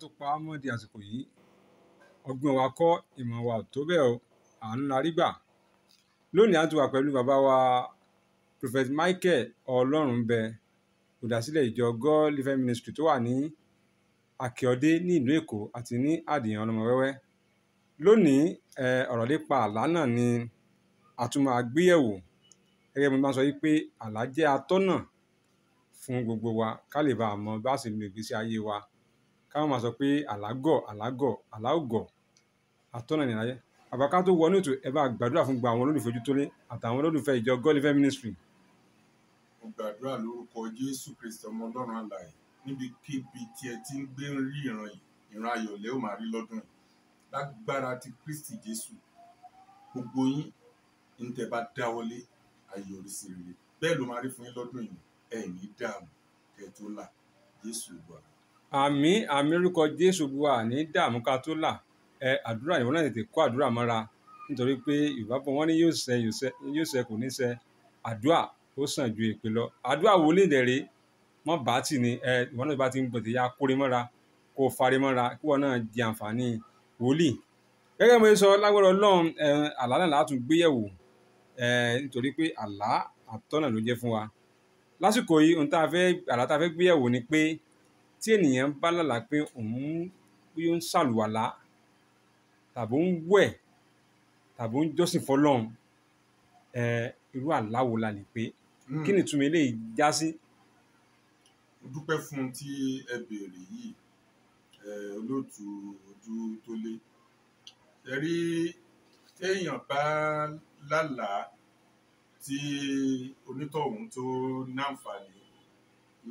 tó pa á mọ́ di àsìkò yìí ọgbọ́n wa kọ́ ìmọ̀ wa ò tó bẹ́ẹ̀ o àánú la rí gbà lónìí a tún wà pẹ̀lú bàbá wa prophet michael ọlọ́runbẹ olùdásílẹ̀ ìjọ god living ministry tó wà ní akíọdé ní ìlú èkó àti ní àdìyàn ọlọmọ wẹ́wẹ́ lónìí ọ̀rọ̀ nípa àlá náà ni a tún máa gbéyẹ̀wò gẹ́gẹ́ bí mo bá sọ wípé àlá jẹ́ atọ́nà fún gbogbo wa ká lè bá a mọ bá a sì lo ìgbésí ayé wa káwọn máa sọ pé àlágọ̀ àlágọ̀ àláògọ̀ àtọ́nà ní láyé àbáká tó wọnú ètò ẹ bá gbàdúrà fún gba àwọn olólùfẹ́ Ojútólé àtàwọn olólùfẹ́ ìjọ gọ́lífẹ́ ministry. mo gbàdúrà lórúkọ Jésù Kristi ọmọ Ọlọ́run alààyè níbikíbi tí ẹ ti ń gbé ń rí ìran yìí ìran ayọ̀ lẹ́ ò máa rí lọ́dún yìí lágbára ti Kristi Jésù gbogbo yín ń tẹ́ bá dáwọ́lé àyọrísí rere bẹ́ẹ̀ ló máa rí fún yín lọ́dún yìí ẹ̀yin dààmú kẹ́ẹ̀ tó là Jésù gbọ́dọ̀ àmì àmì orúkọ jésù olúwa àní dààmú ká tó là ẹ àdúrà ìwọ náà tètè kó àdúrà mọ́ra nítorí pé yorùbá bọ̀ wọ́n ní yóò ṣẹ yóò ṣẹ kò ní ṣẹ àdúrà ó sàn ju èpè lọ àdúrà wo lè dẹ̀rẹ̀ mọ́ bá tì ní ẹ ìwọ náà bá ti ń gbọ̀dẹ̀ ya kórè mọ́ra kó o fari mọ́ra kí wọ́n náà di àǹfààní wòlíì gẹ́gẹ́ bí mo sọ lágbára ọlọ́run àlá náà látún gbéyẹ̀wò nítorí pé àlá àtọ́nà ló jẹ́ fún wa lásìkò yìí ohun tá a fẹ́ àlá tá a fẹ́ gbéyẹ̀wò ni pé tí ènìyàn bá lálàá pé òun bóyá ń ṣàlùwàlá tàbí ń wẹ̀ tàbí ń jọ́sìn fọlọ́run ẹ irú àlá la lè pé hmm. kí ni ìtumọ̀ eléyìí já sí. mo dúpẹ́ fún un tí ẹ béèrè yìí olóòtú ojú tó lé ẹ rí téèyàn bá lálàá tí onítọ̀hún tó náǹfààní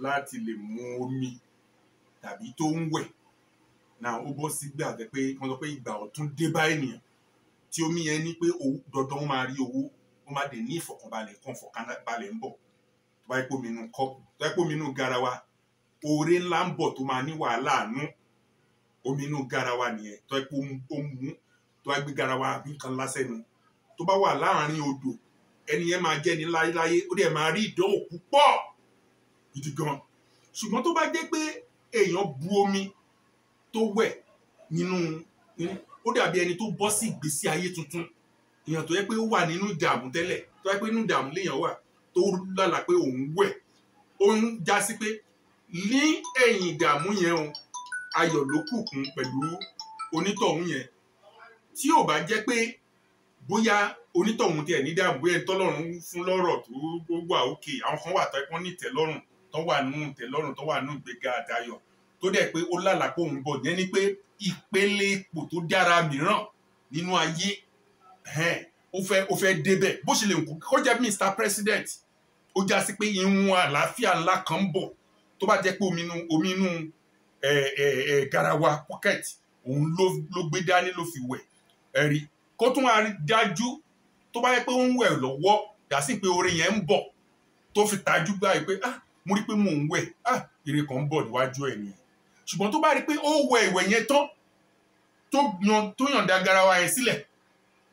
láti lè mu omi tàbí tó ń wẹ̀ na ó bọ́ sígbà tẹ pé wọ́n sọ pé ìgbà ọ̀tún dé bá ènìyàn tí omi yẹn ní pé owó dandan ó máa rí owó ó máa dé ní ìfọ̀kànbalẹ̀ kan ìfọ̀kànbalẹ̀ ń bọ̀ tó bá yẹ kó mi nù kọ́ọ̀pù tó bá yẹ kó garawa oore ńlá ń bọ̀ tó máa ní wàhálà nù omi inú garawa nìyẹn tó yẹ kó ó mú tó wá gbé garawa àbí nǹkan lásẹ̀nu tó bá wà láàrin odò ẹni yẹn máa jẹ́ ní láyéláyé ó dẹ̀ máa rí ìdánwò púpọ̀ gidi ṣùgbọ́n tó bá jẹ́ pé èèyàn bu omi tó wẹ̀ nínú ó dàbí ẹni tó bọ́ sí ìgbésí ayé tuntun èèyàn tó yẹ pé ó wà nínú ìdààmú tẹ́lẹ̀ tó yẹ pé nínú ìdààmú léèyàn wà tó lálàá pé òun wẹ̀ ó ń já sí pé ní ẹ̀yìn ìdààmú yẹn o ayọ̀ ló kù kún pẹ̀lú onítọ̀hún yẹn tí ò bá jẹ́ pé bóyá onítọ̀hún tiẹ̀ ní dààmú bóyá tọ́lọ́run fún lọ́rọ̀ tó gbogbo àókè àwọn kan wà tó ẹ̀kọ́ nìtẹ́ lọ́rùn tó wà nù tẹ́lọ́rùn tó wà nù gbéga àdáyọ̀ tó dẹ̀ pé ó lálàá kó ń bọ̀ yẹn ni pé ìpele ipò tó dára mìíràn nínú ayé ó fẹ́ ó fẹ́ débẹ̀ bó ṣe lè kú kó jẹ́ Mr President ó já sí pé ìwọn àlàáfíà ńlá kan ń bọ̀ tó bá jẹ́ pé omi inú omi inú garawa pocket òun ló gbé dání ló fi wẹ̀ ẹ̀rí kó tún máa dájú tó bá yẹ pé ó ń wẹ̀ lọ́wọ́ dàsí pé orin yẹn ń bọ̀ tó fi tajú gbáyé pé ah mo rí pé mò ń wẹ̀ ah èrè kan ń bọ̀ níwájú ẹ̀ nìyẹn ṣùgbọ́n tó bá rí pé ó wẹ ìwẹ̀ yẹn tán tó yan tó yànda garawa yẹn sílẹ̀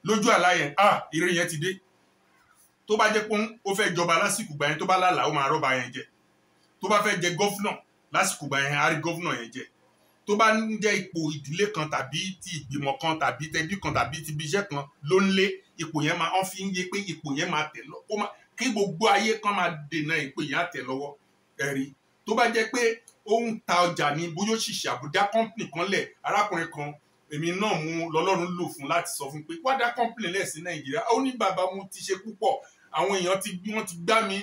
lójú àlá yẹn ah èrè yẹn ti dé tó bá jẹ́ pé ó fẹ́ jọba lásìkò gbà yẹn tó bá lálàá ó máa rọ́ba yẹn jẹ tó bá fẹ́ jẹ gọ́fúnà lásìkò gbà yẹn á rí gọ́fúnà yẹn jẹ tó bá ń jẹ́ ipò ìdílé kan tàbí ti ìgbìmọ̀ kan tàbí tẹbí kan tàbí ti ibiṣẹ́ kan ló ń lé ipò yẹn máa ń fi ń yé pé ipò yẹn máa tẹ̀ lọ kí gbogbo ayé kan máa dènà ipò yẹn á tẹ̀ lọ́wọ́ ẹ̀rí tó bá jẹ́ pé ó ń ta ọjà ní bóyá òṣìṣẹ́ àbúdá company kan lẹ̀ arákùnrin kan èmi náà mú lọ́lọ́run lò fún láti sọ fún pé wádà company lẹ̀ sí nàìjíríà ó ní bàbá mo ti ṣe púpọ̀ àwọn èèyàn ti wọ́n ti gbá mi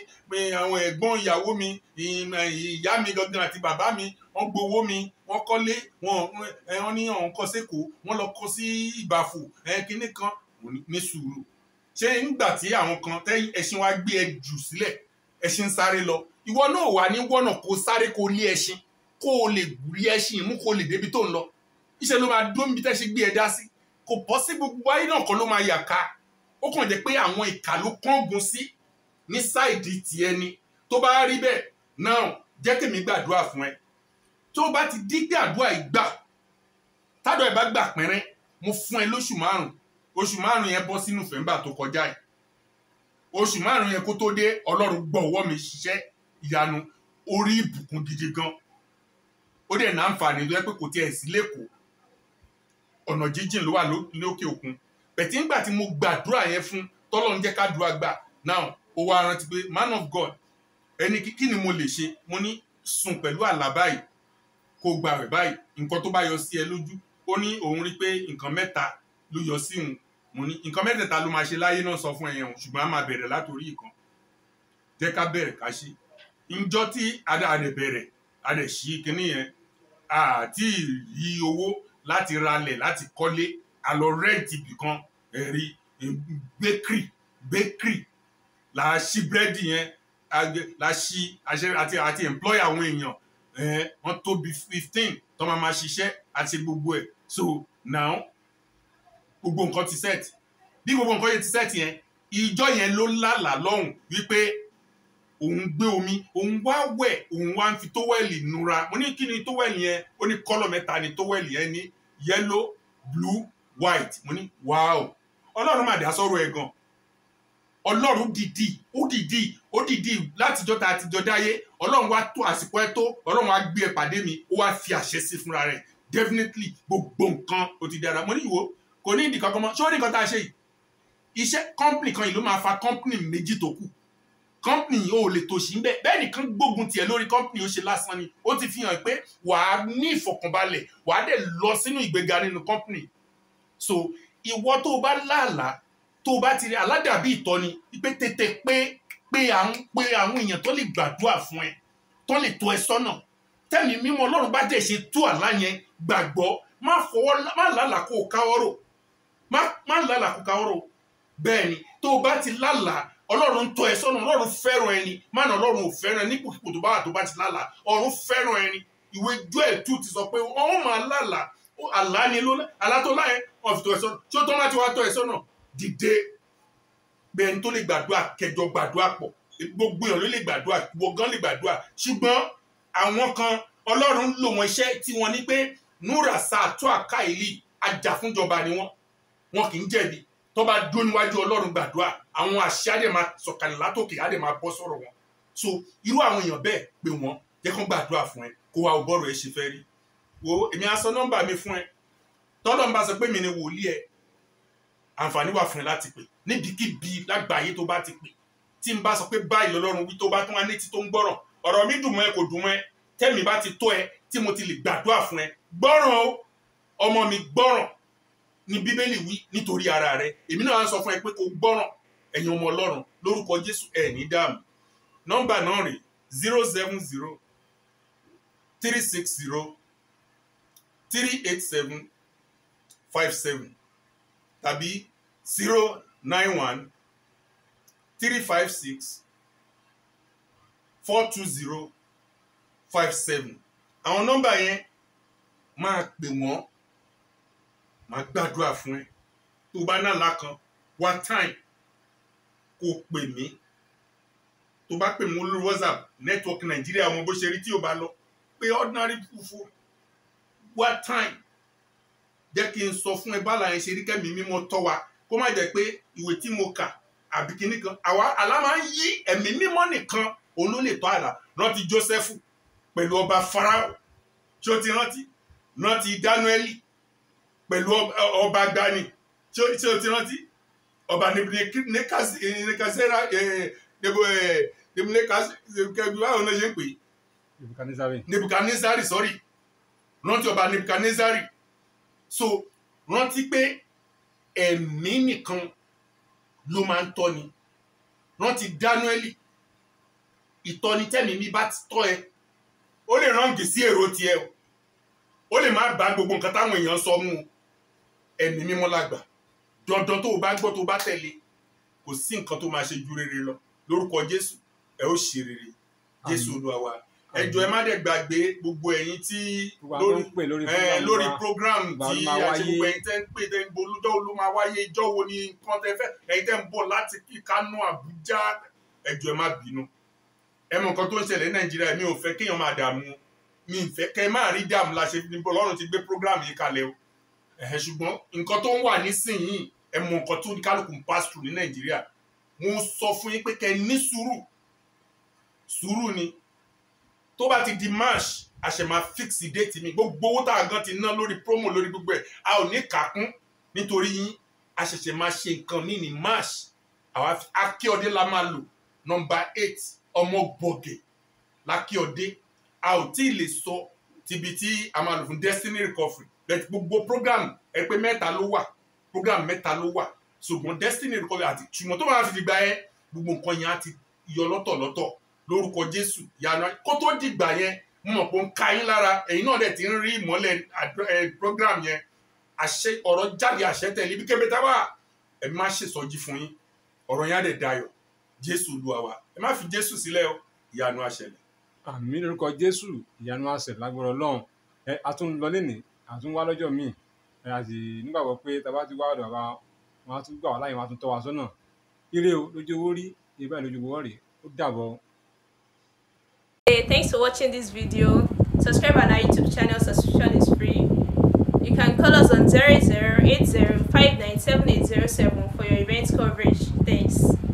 àwọn ẹ̀gbọ́n ìyàwó mi ìyá mi gangan àti bàbá mi wọ́n gbowó mi wọ́n kọ́lé wọ́n ní ọ̀hún kọ́ sẹ́kọ̀ọ́ wọ́n lọ kọ́ sí ìbàfò kínní kan ní sùúrù ṣé nígbà tí àwọn kan tẹ́yìn ẹṣin wa gbé ẹ jù sílẹ̀ ẹṣin sáré lọ ìwọ náà wà ní wọ́nà kó sáré kó lé ẹṣin kó o lè rí ẹṣin mú kó o lè débi tó ń lọ iṣẹ́ ló máa dó níbi tẹ́ gbé ẹ̀dá sí kò bọ́ sí gbogbo ayé náà kan ló máa yà ká ó kàn jẹ́ pé àwọn ìkà ló kángun sí ní sáìdì tiẹ̀ ni tó bá rí bẹ́ẹ̀ náà jẹ́ kèmí gbàdúrà fún ẹ tó bá ti dí gbàdúrà ìgbà tádọ̀ ẹ̀ bá gbà pẹ́rẹ́ mo fún ẹ lóṣù márùn oṣù márùn yẹn bọ́ sí November tó kọjá yìí oṣù márùn yẹn kó tó dé ọlọ́run gbọ́ ọwọ́ mi ṣiṣẹ́ ìyanu orí ìbùkún gidi gan ó dẹ̀ náà àǹfààní tó yẹ pé kò tiẹ̀ sí lẹ́kọ̀ọ́ ọ̀nà jíjìn ló wà lókè òkun bẹ̀tí ńgbà tí mo gbàdúrà yẹn fún tọ́lọ́run jẹ́ ká gbà now ó wá rántí pé man of God ẹni kíkí ni mo lè ṣe mo ní sùn pẹ̀lú àlá báyìí kó gbà rẹ̀ báyìí nǹkan tó bá yọ sí ẹ lójú ó ní òun rí pé nǹkan mẹ́ta ló yọ sí òun mo ní nǹkan mẹ́tẹ̀ẹ̀ta ló máa ṣe láyé náà sọ fún ẹ̀yẹn ṣùgbọ́n a máa bẹ̀rẹ̀ látòrí ìkan jẹ́ ká bẹ̀rẹ̀ ká ṣe njọ́ tí adé bẹ̀rẹ̀ adé sí kínní yẹn àti yí owó láti ralẹ̀ láti kọ́lé àlọ́ rẹ́ǹtì bìkan ẹ̀rí bakery bakery la ṣí búrẹ́dì yẹn la ṣí àti àti employer àwọn èèyàn wọ́n tóbi fifteen tó máa máa ṣiṣẹ́ àti gbogbo ẹ̀ so now gbogbo nǹkan ti set bí gbogbo nǹkan yẹn ti set yẹn ìjọ yẹn ló lálàá lọ́hùn wípé òun gbé omi òun wá wẹ̀ òun wá ń fi tówẹ́ẹ̀lì nura mo ní kí ni tówẹ́ẹ̀lì yẹn ó ní kọ́lọ̀ mẹ́ta ni tówẹ́ẹ̀lì yẹn ní yellow blue white mo ní wow ọlọ́run màdá sọ̀rọ̀ ẹ̀ gan ọlọ́run dìdì ó dìdì ó dìdì látijọ́ ta àtijọ́ dáyé ọlọ́run wá tó àsìkò ẹ̀ tó ọlọ́run wá gbé ẹ̀ pàdé mi ó wá fi àṣẹ sí fúnra rẹ̀ definitely gbogbo nǹkan ó ti dára mo ní ìwọ kò ní ìdí kankan mọ́ ṣé ó ní nǹkan tá a ṣe yìí iṣẹ́ company kan yìí ló máa fa company méjì tó kù company ò lè tòṣì ńbẹ bẹ́ẹ̀ nìkan gbógun tiẹ̀ lórí company ó ṣe lásán ni ó ti fi hàn pé wàá ní ìfọ̀kànbalẹ̀ wàá dẹ̀ lọ sínú ìgbéga nínú company so ìwọ tó o bá láàlàá tó o bá ti rí aládàbí ni pé tètè pé pé àwọn pé àwọn èèyàn tó lè gbàdúrà fún ẹ tó lè tọ́ ẹ sọ́nà tẹ́mi mímọ́ ọlọ́run bá dẹ̀ ṣe tú àlá yẹn gbàgbọ́ má fọwọ́ má lálàá kó káwọ́rò má lálàá kó káwọ́rò bẹ́ẹ̀ ni tó o bá ti lálàá ọlọ́run tọ́ ẹ sọ́nà ọlọ́run fẹ́ràn ẹni mánà ọlọ́run ò fẹ́ràn ẹni nípòkípò tó bá wà tó bá ti lálàá ọ̀run fẹ́ràn ẹni ìwé Jóẹ́lì tú ti sọ pé ọ̀hún máa lálàá àlá ni ló alátọ́lá ẹ ọ̀fìtò ẹ sọ́nà tí ó tọ́ láti wá tọ́ ẹ sọ́nà dìde bẹ́ẹ̀ ni tó lè gbàdúrà kẹjọ gbàdúrà pọ̀ gbogbo èèyàn ló lè gbàdúrà gbogbo gan lè gbàdúrà ṣùgbọ́n àwọn kan ọlọ́run lò wọn iṣẹ́ tó bá dúró níwájú ọlọ́run gbàdúrà àwọn àṣẹ á dẹ̀ máa sọ̀kalẹ̀ látòkè á máa bọ́ sọ̀rọ̀ wọn so irú àwọn èèyàn bẹ́ẹ̀ pé wọ́n jẹ́ kó gbàdúrà fún ẹ kó wa ò bọ́rọ̀ ẹ ṣe fẹ́ rí wo èmi á sọ mi fún ẹ tọ́lọ́ ń bá sọ pé mi ni wòlíì ẹ àǹfààní wà fún ẹ láti pè níbikíbi lágbàáyé tó bá ti pè tí n bá sọ pé báyìí lọ́lọ́run wí tó bá tún wá létí tó ń gbọ́rọ̀ ọ̀rọ̀ mi dùn mọ́ ẹ kò dùn mọ́ ẹ tẹ́mi bá ti tó ẹ tí mo ti lè gbàdúrà fún ẹ gbọ́ràn ọmọ mi gbọ́ràn ni bíbélì wí nítorí ara rẹ èmi náà á sọ fún ẹ pé kò gbọ́ràn ẹ̀yin ọmọ ọlọ́run lórúkọ jésù ẹ̀ ní dààmú nọ́mbà náà rè zero seven zero three six zero three eight seven five seven tàbí zero nine one three five six four two zero five seven àwọn nọ́mbà yẹn máa pè wọ́n máa gbàdúrà fún ẹ tó bá náà lákan one time kó o pè mí tó bá pè mí lórí whatsapp network nàìjíríà ọmọ bó ṣe rí tí o bá lọ pé ordinary fufu one time jẹ́ kí n sọ fún ẹ báàlà yẹn ṣe rí kẹ́mi mímọ́ tọ́ wa kó má jẹ́ pé ìwé tí mo kà àbí kinní kan àwa àlá máa ń yí ẹ̀mí mímọ́ nìkan òun ló lè tọ́ àlá rántí Jósẹ́fù pẹ̀lú ọba Fáráò tí ó ti rántí rántí Dáníẹ́lì pẹ̀lú ọba gbani tí o ti rántí ọba nebukadnezara nebukadnezara náà ṣe ń pè nebukadnezari sọ́rí rántí ọba nebukadnezari so rántí pé ẹ̀mí nìkan ló máa ń tọ́ni rántí dánuẹ́lì ìtọ́ni tẹ́mi mi bá ti tọ́ ẹ ó lè rántí sí èrò tiẹ̀ o ó lè má bá gbogbo nǹkan táwọn èèyàn sọ mú o ẹni mímọ́ làgbà dandan tó o bá gbọ́ tó o bá tẹ̀lé kò sí nǹkan tó máa ṣe ju rere lọ lórúkọ jésù ẹ ó ṣe rere jésù olúwa wa ẹ jọ̀ọ́ ẹ má dẹ̀ gbàgbé gbogbo ẹ̀yin tí lórí program tí àti gbogbo ẹ̀yin tẹ́ ń pè tẹ́ ń bo olújọ́ olú máa wáyé ìjọ́ wo ni nǹkan tẹ́ fẹ́ ẹ̀yin tẹ́ ń bọ̀ láti kí kánú àbújá ẹ jọ̀ọ́ ẹ má bínú ẹ mọ̀ nǹkan tó ń ṣẹlẹ̀ nàìjíríà mi ò fẹ́ kéèyàn máa dààmú mi ò fẹ́ kẹ́ máa rí dààmú la ṣe ní bọ́ọ̀lù ti gbé program yìí kalẹ̀ o ẹ ṣùgbọ́n nǹkan tó ń wà nísìnyìí ẹ mọ nǹkan tó ní kálukú ń pass through ní nàìjíríà mo sọ fún yín pé kẹ́ ní sùúrù sùúrù ni tó bá ti di march a fix date mi gbogbo owó tá a gan ti ná lórí promo lórí gbogbo ẹ̀ a ò ní kàkún nítorí yín a ṣẹ̀ṣẹ̀ máa ṣe nǹkan ní ní march àwa akíọdé la máa lò nọ́mbà eight ọmọ gbọ̀gẹ̀ lákíọdé a ò tí ì lè sọ tibi a máa lò fún destiny recovery gbogbo program ẹ pé mẹ́ta ló wà program mẹ́ta ló wà ṣùgbọ́n destiny recovery àti ṣùgbọ́n tó máa fi dìgbà yẹn gbogbo nǹkan yẹn á ti yọ lọ́tọ̀lọ́tọ̀ lórúkọ jésù yàrá kó tó dìgbà yẹn mọ̀ pé ń ka yín lára ẹ̀yin náà dẹ̀ ti ń rí ìmọ́lẹ̀ program yẹn àṣẹ ọ̀rọ̀ jáde àṣẹ tẹ̀lé ibi kébé táwa ẹ má ṣèsọjí fún yín ọ̀rọ̀ yẹn á dẹ̀ dayọ̀ jésù lu àwa ẹ má fi jésù sílẹ̀ o ìyanu á ṣẹlẹ̀. àmì lórúkọ jésù ìyanu á ṣẹlẹ̀ lágbára ọlọ́run ẹ a tún lọ lẹ́nìí àtún wá lọ́jọ́ míì a nígbàgbọ́ pé tá ti wá ọ̀dọ̀ bàbá wọn á tún gbà wá láyè wọn á tún tọ́ wa sọ́nà ire o lójú owó rí ibà lójú owó rè ó dàbọ̀. Hey, thanks for watching this video. Subscribe on our YouTube channel. Subscription is free. You can call us on zero zero zero eight five nine seven eight zero seven for your event coverage. Thanks.